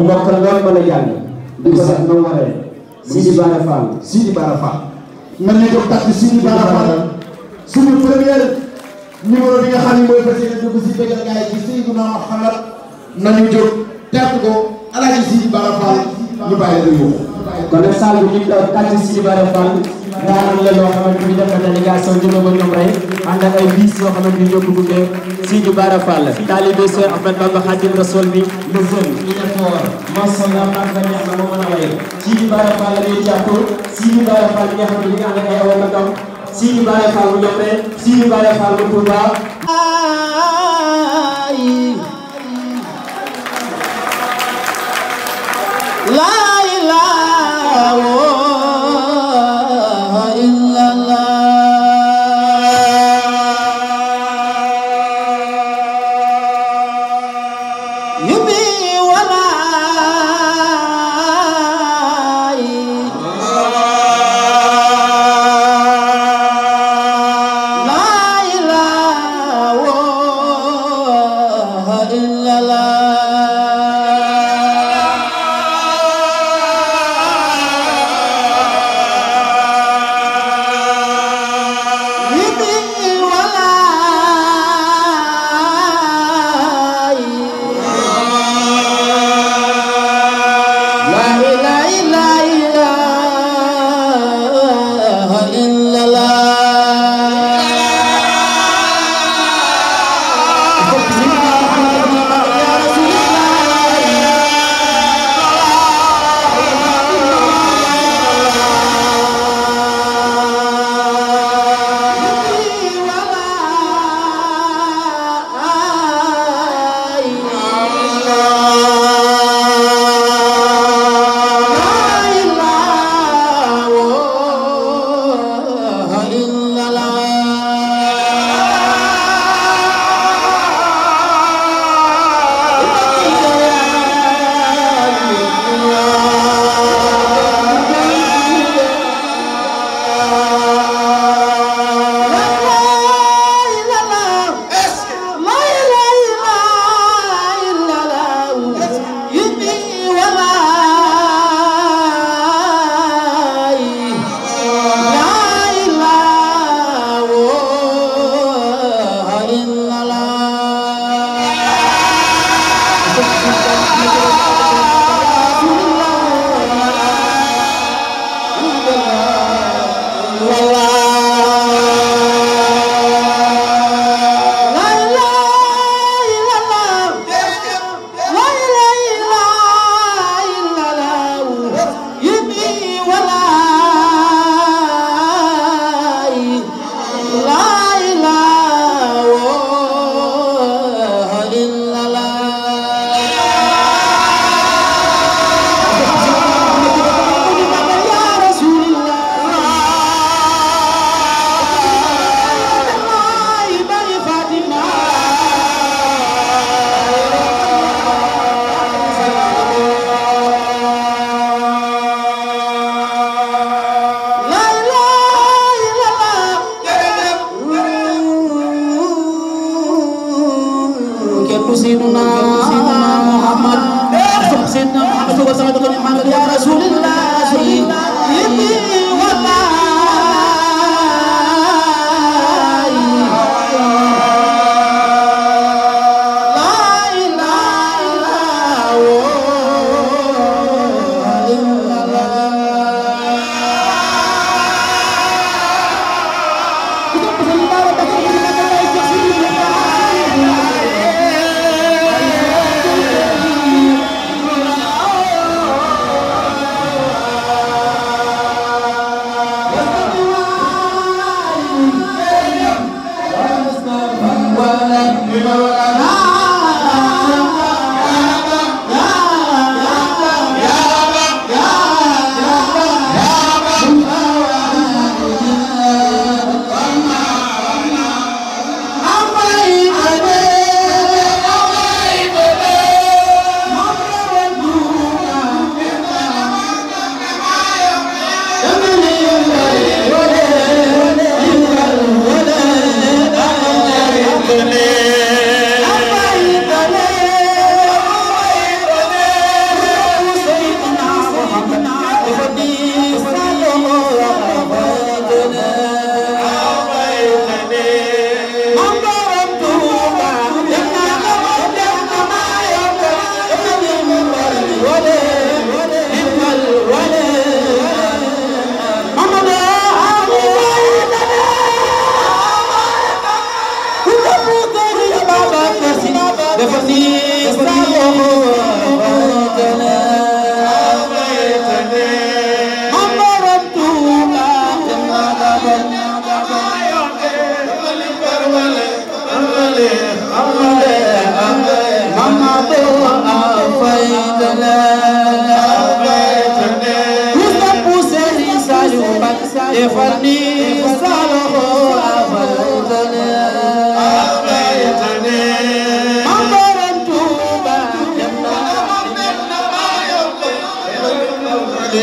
mu mokkal loolu mën a jàng di ko def na waree Sidi Bara Fall Sidi Bara Fall man ne ko tàkk Sidi Bara Fall suñu première numéro bi nga xam ne mooy fas yéene dugg si bëggal gars yi ci Seydina Muhammad nañu jóg tepp ko Alaaji Sidi Bara Fall ñu bàyyi la kon nag salle bi ñu ngi kàcc si Ibara Fall daanam la loo xamante ni def na délégation jëme ba ñoom rey ànd ak ay bis yoo xamante ni ñoo ko buggee si Ibara Fall taalibe Sëñ Ahmed Bamba Khadim Rassoul bi le jeune ñu ne ko masallah ak nga neex na moo mën a way si Ibara Fall lay jàpp si Ibara Fall nga xam ne ñu ngi ànd ak ay awa magam si Ibara Fall bu ñoom rek si Ibara Fall bu Touba la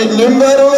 number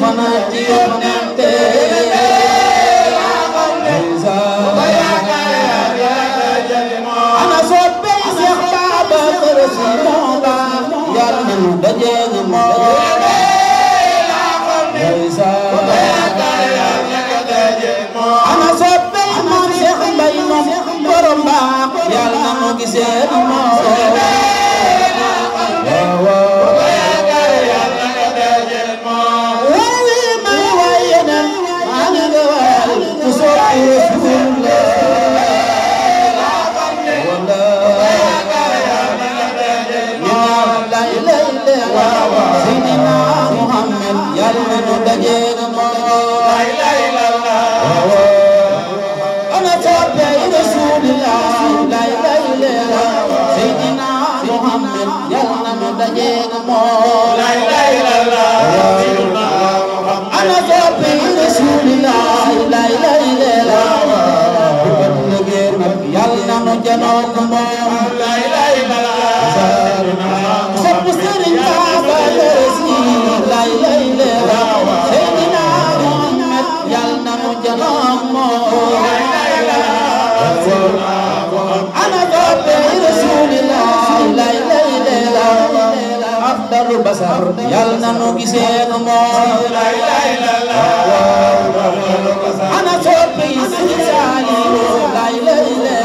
fana ji yal na nu gisee nu mooy ana soppi Sëriñ Saaliw lay lay lay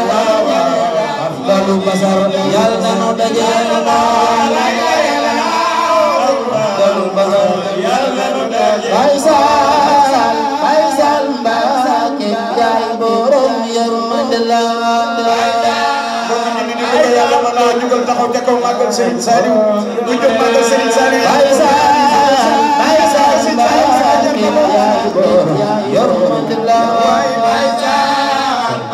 afdalu basar yal na nu dajee nu mooy taxaw ca kaw màggal Serigne Saliou ñu jóg màggal Serigne Saliou Baye Saliou Baye Saliou Baye Saliou yor matla Baye Saliou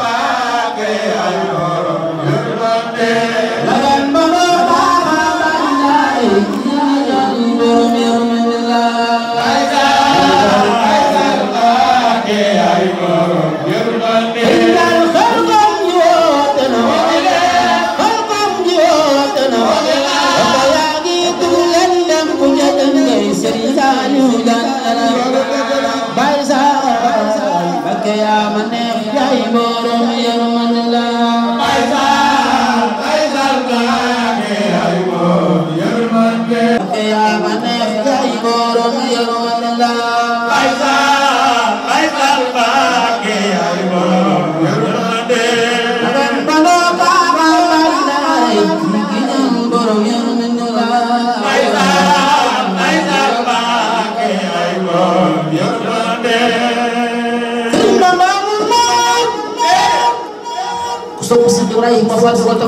Baye Saliou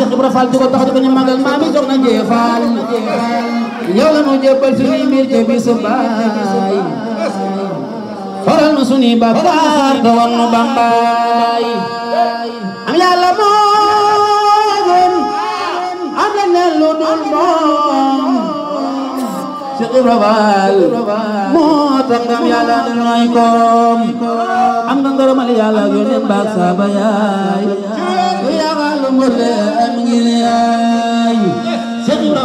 Cheikh Ibra Fall di ko tax di ko ñu màggal maam yi soxna Ndié Fall yow la ñu jébbal suñuy mbir ca bisu baay faral nu suñuy bakkaar te wan nu bambaay am yàlla moo gën am leneen lu dul moom Cheikh Ibra Fall moo tax am yàlla nooy koom am nga ngërëmal yàlla yónnee baag saaba yaay Sëñ Ba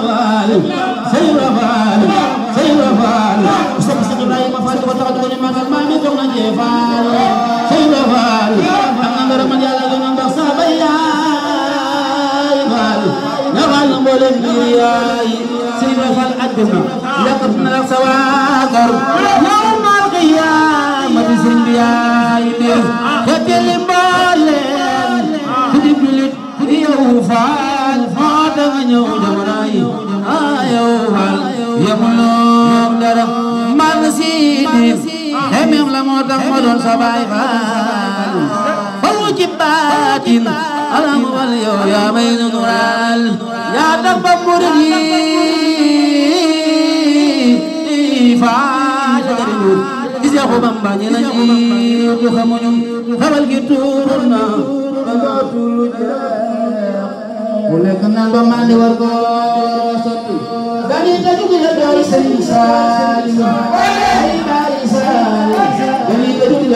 Fall àdduna baay faal falu ci baatin alam wal yow yaa may nu nural yaa tax ba murid yi faa ca jariñu Bamba ñi la jiitu xamuñu xabal gi tuur na ba dootul jeex bu lekk naan ba màndi war ko sotti gani taju gi la doy sëriñ Saaliw Thank you.